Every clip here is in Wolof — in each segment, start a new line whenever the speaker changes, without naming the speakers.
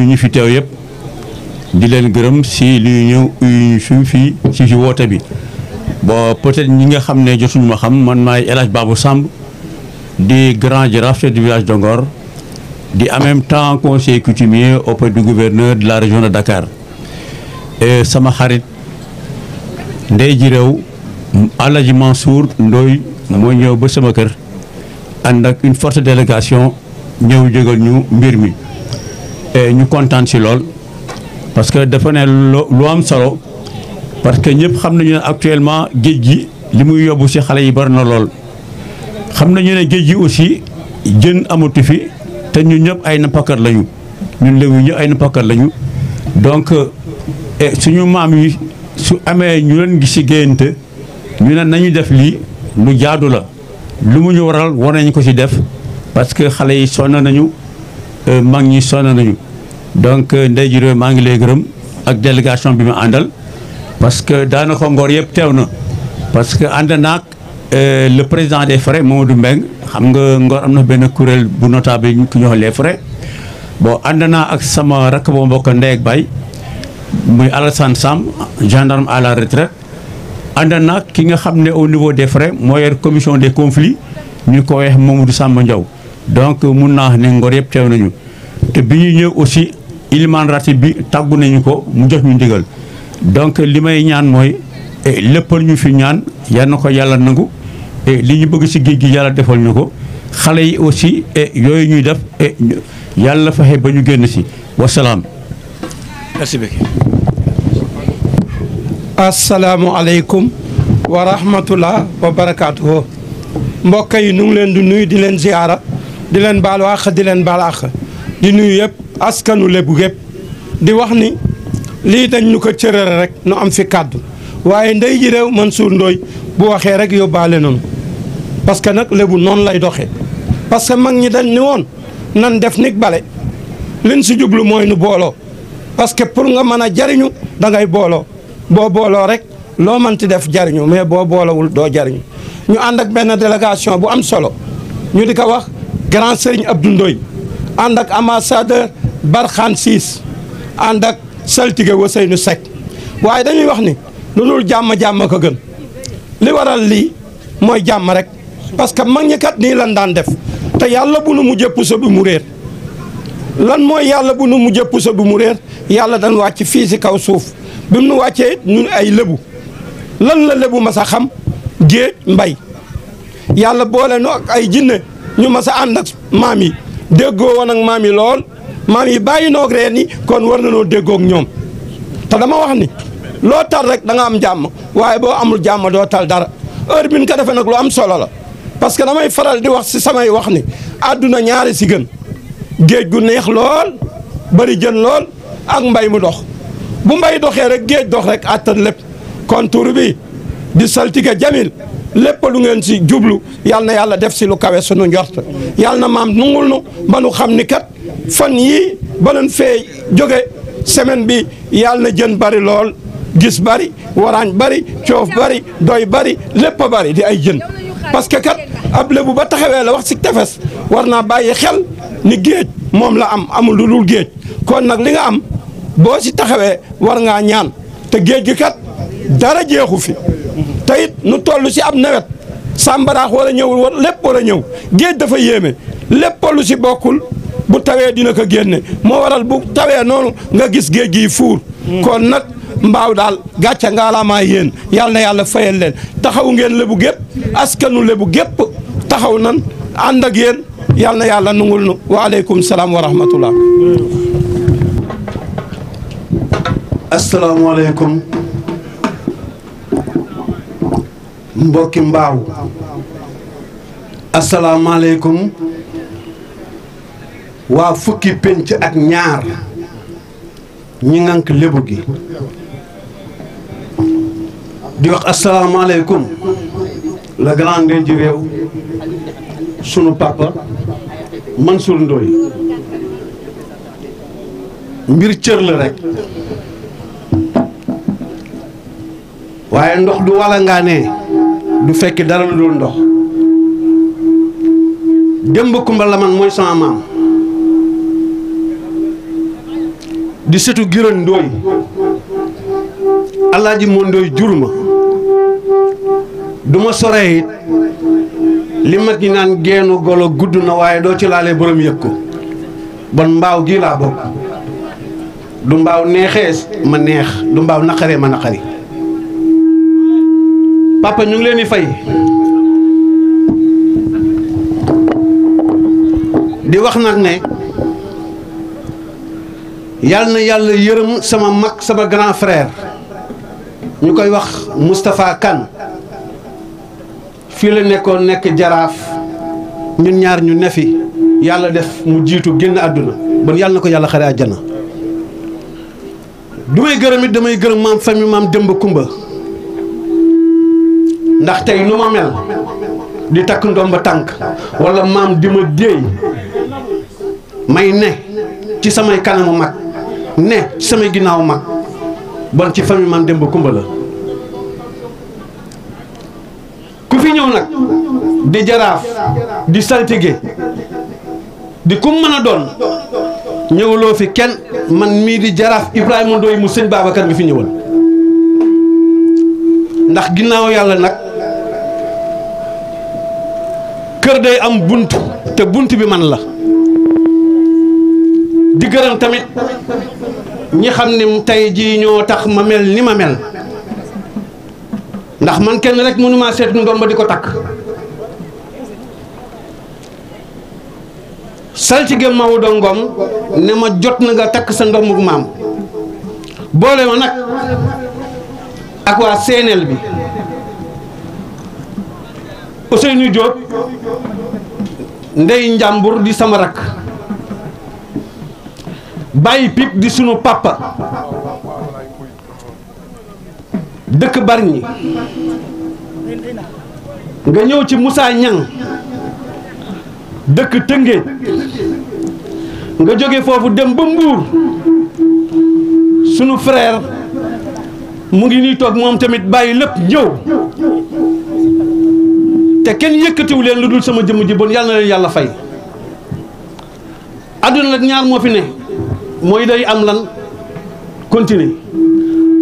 yu ñu fi teew yëpp di si li ñëw fi si je vois bi bon peut-être ñi nga xam ne jotuñu ma xam man maay El Babou Samb di grand jaraaf du village de Ngor di en même temps conseiller coutumier auprès du gouverneur de la région de Dakar et sama xarit ndey ji réew Alaji Mansour Ndoy moo ñëw ba sama kër une forte délégation ñëw jógal ñu mbir mi ñu kontaan ci lool parce que dafa ne lu am solo parce que ñepp xam nañu actuellement géej gi li muy yóbbu si yi bari na lool xam nañu ne géej gi aussi jën amatu fi té ñun ñepp ay nappkat lañu ñun lew ñu ay nappkat lañu donc eh, suñu maam yi su amé ñu leen gi ci géyante ñu né nañu def li lu jaadu la lu mu ñu waral war nañu ko ci def parce que xalé yi sonna nañu eh, mag ñi sonna nañu. donc euh, Ndeye Diouré maa ngi lay gërëm ak délégation bi ma àndal parce que daanaka Ngor yëpp teew na parce que ànd naag euh, le président des frais Mamadou Mbeng xam nga Ngor am na benn kuréel bu notable yi ñu ko ñoo frais bon ànd naa ak sama rakk ba mbokk ndey ak baay muy Alassane Sam gendarme à la retraite ànd naag ki nga xam ne au niveau des frais moo yor commission des conflits ñu ko weex Mamadou Samba Ndiaw donc mun naa wax ne Ngor yëpp teew nañu te iliman ratib bi tàggu nañu ko mu jox ñu ndigal donc li may ñaan mooy eh, léppal ñu fi ñaan yal na ko yàlla nangu eh, li ñu bëgg ci géej gi yàlla defal ñu ko xale yi aussi eh, yooyu ñuy def yàlla fexe ba ñu génn ci wasalaam. merci beaucoup.
asalaamualeykum wa rahmatullah wa yi nu ngi leen di nuyu di leen ziara di leen baal di leen baal di nuyu yépp askanu lébu gépp di wax ni lii dañ ñu ko cërëre rek nu am fi kàddu waaye ndey ji réew Mansour Ndoye bu waxee rek yóbbaale noonu parce que nag lébu noonu lay doxee parce que mag ñi dañ ni woon nan def nig bale liñ si jublu mooy nu booloo parce que pour nga mën a jariñu da ngay booloo boo booloo rek loo mënti def jariñu mais boo boolowul doo jariñu ñu ànd ak benn délégation bu am solo ñu di ko wax grand sëriñ Abdou Ndoye ànd ak ambassadeur barxaan siis ànd ak saltige Ousseynou Seck waaye dañuy wax ni lu dul jàmm jàmm ko gën li waral lii mooy jàmm rek parce que mag ñi kat nii lan daan def te yàlla bu nu mujjee puso bi mu réer lan mooy yàlla bu nu mujjee puso bi mu réer yàlla dañ wàcc fii si kaw suuf bi mu nu wàccee ñun ay lébu lan la lébu mas a xam géej mbay yàlla boole nu ak ay jinne ñu mas a ànd ak maam yi déggoo woon ak maam yi lool maam yi bàyyi noog reen yi kon war na noo déggook ñoom te dama wax ni loo tal rek da nga am jàmm waaye boo amul jàmm doo tal dara heure bi ñu defee nag lu am solo la parce que damay faral di wax si samay wax ni àdduna ñaari si gën géej gu neex lool bari jën lool ak mbay mu dox bu mbay doxee rek géej dox rek attan lépp kon tur bi di saltige Jamil lépp lu ngeen si jublu yal na yàlla def si lu kawe sunu njort yal na maam nungul nu ba nu xam ni kat fan yii ba leen fee jóge semaine bi yal na jën bari lool gis bari waraañ bari coof bari doy bari lépp bari di ay jën parce que kat ab lébu ba taxawee la wax si tefes war naa bàyyi xel ni géej moom la am amul lu dul géej kon nag li nga am boo si taxawee war ngaa ñaan te géej gi kat dara jeexu fi nu toll si ab nawet sàmbaraax war a ñëwul war lépp war a ñëw géej dafa yéeme lépp lu si bokul bu tawee dina ko génne moo waral bu tawee noonu nga gis géej gi fuur kon nag mbaaw nga la ma yéen yàlla na yàlla fayal leen taxaw ngeen lebu gépp askanu lebu gep taxaw nan ànd ak yéen yàlla na yàlla nungul nu wa aleykum salam wa rahmatullah
asalaamaaleykum mbokki mbaaw asalaamaaleykum wa fukki pénc ak ñaar ñi ngank lebu gi di wax alaykum la grande ji rew sunu papa Mansour ndoy mbir cieur la rek waye ndox du wala nga ne du fekk dara lu dul ndox démb kumba moy sama mam di setu giran doy allah ji mo ndoy ma duma sore soree it li mag ñi naan geenu golo guduna waye do ci lalé borom yekko bon mbaw gi la bok du mbaw nexes ma nex du mbaw nakare ma nakari papa ñu ngi leen di fay di wax nak ne yalla na yalla yeureum sama mak sama grand frère ñukoy wax mustafa kan fi la nekkon nek jaraaf ñun ñaar ñu nefi yalla def mu jitu genn aduna bon yalla nako yalla xari aljana dumay du it damay gërëm mam famille mam Demba Kumba ndax tey nu ma mel di takk ndomba tànk wala maam di ma déey may ne ci samay kanamu mag ne ci samay ginnaaw mag bon ci man dem ba Kumba la ku fi ñëw nag di jaraaf di saltige di kum mën a doon ñëwaloo fi kenn man mii di jaraaf Ibrahima Ndoye mu sëñ Babacar nga fi ñëwal ndax ginnaaw yàlla nag kër day am bunt te bunt bi man la di gërëm tamit ñi xam ne tey jii ñoo tax ma mel ni ma mel ndax man kenn rek mënuma seet ndomba di ko takk saltige Maodo Ngom ne ma jot na nga takk sa ndombu maam boole ma nag ak waa seeneel bi Ousseynou Diop ndey njambur di sama rak bàyyi pip di sunu papa dëkk barni, nga ñew ci Moussa Niang dëkk Tëngéej nga jóge fofu dem ba mbour sunu frère mu ngi ni tok mom tamit baye lepp ñew te kenn yëkkatiwu leen lu dul sama jëmm ji bon yàlla na leen yàlla fay aduna nag ñaar moo fi ne mooy day am lan continue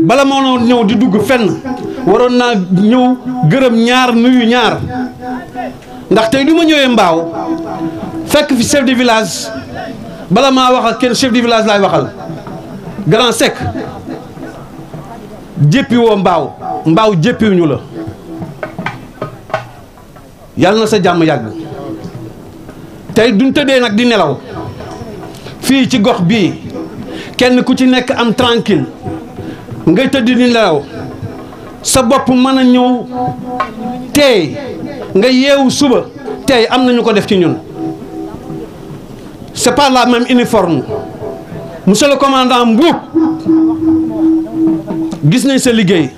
bala moo ñëw di dugg fenn waroon naa ñëw gërëm ñaar nuyu ñaar ndax tey du ma ñëwee mbaaw fekk fi chef de village bala maa waxal ak kenn chef de village laay waxal grand sec jéppi woo mbaaw mbaaw ñu la yalla sa jamm yag tay duñ tëddee nak di nelaw fi ci gox bi kenn ku ci nek am tranquille ngay tëdd di nelaw sa bop mën ñew tay nga yewu suba tay am nañu ko def ci ñun c'est pas la même uniforme monsieur le commandant mbou gis nañ sa liggéey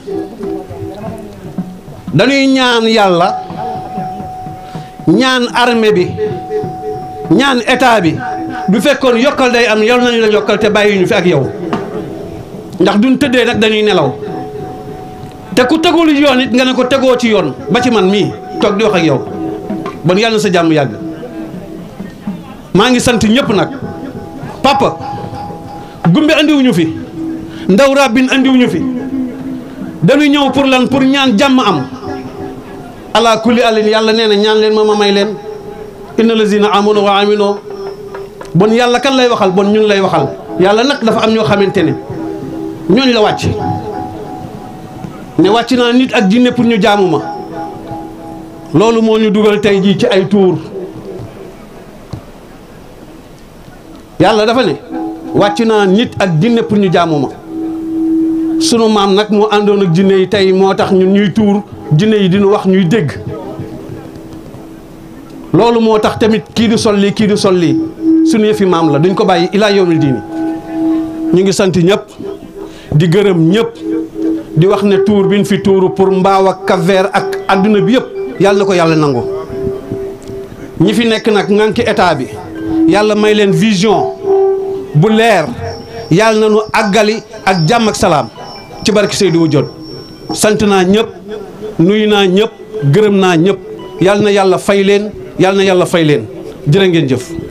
dañuy ñaan yalla ñaan armée bi ñaan état bi du fekkoon yokal day am yor nañu la yokal te bàyyi ñu fi ak yow ndax duñ tëddee nak dañuy nelaw te ku teggul yoon it nga ne ko tegoo ci yoon ba ci man mi tok di wax ak yow bon yalla sa jamm yag ma ngi sant ñepp nak papa gumbe wuñu fi ndaw rabbin wuñu fi dañuy ñew pour lan pour ñaan jamm am ala kulli alin yàlla nee na ñaan leen ma ma may leen inna lazina amanu wa amino bon yàlla kan lay waxal bon ñun lay waxal yàlla nag dafa am ñoo xamante ne ñooñu la wàcc ne wàcc naa nit ak jinne pour ñu jaamu ma loolu moo ñu dugal tey jii ci ay tuur yàlla dafa ne wàcc naa nit ak jinne pour ñu jaamu ma sunu maam nag moo àndoon ak jinne yi tey moo tax ñun ñuy tuur jinne yi dinu wax ñuy dégg loolu moo tax tamit kii di sol lii kii di sol lii suñu yëfi maam la duñ ko bàyyi ilaa yawmil diini ñu ngi sant ñëpp di gërëm ñëpp di wax ne tuur bi ñu fi tuuru pour mbaaw ak kaveer ak àdduna bi yëpp yàlla na ko yàlla nangu ñi fi nekk nag ngànki état bi yàlla may leen vision bu leer yàlla na nu àggali ak jàmm ak salaam ci barki Seydou jot sant naa ñëpp nuyu naa ñëpp gërëm naa ñëpp yal na yàlla fay leen yal na yàlla fay leen jërë ngeen jëf.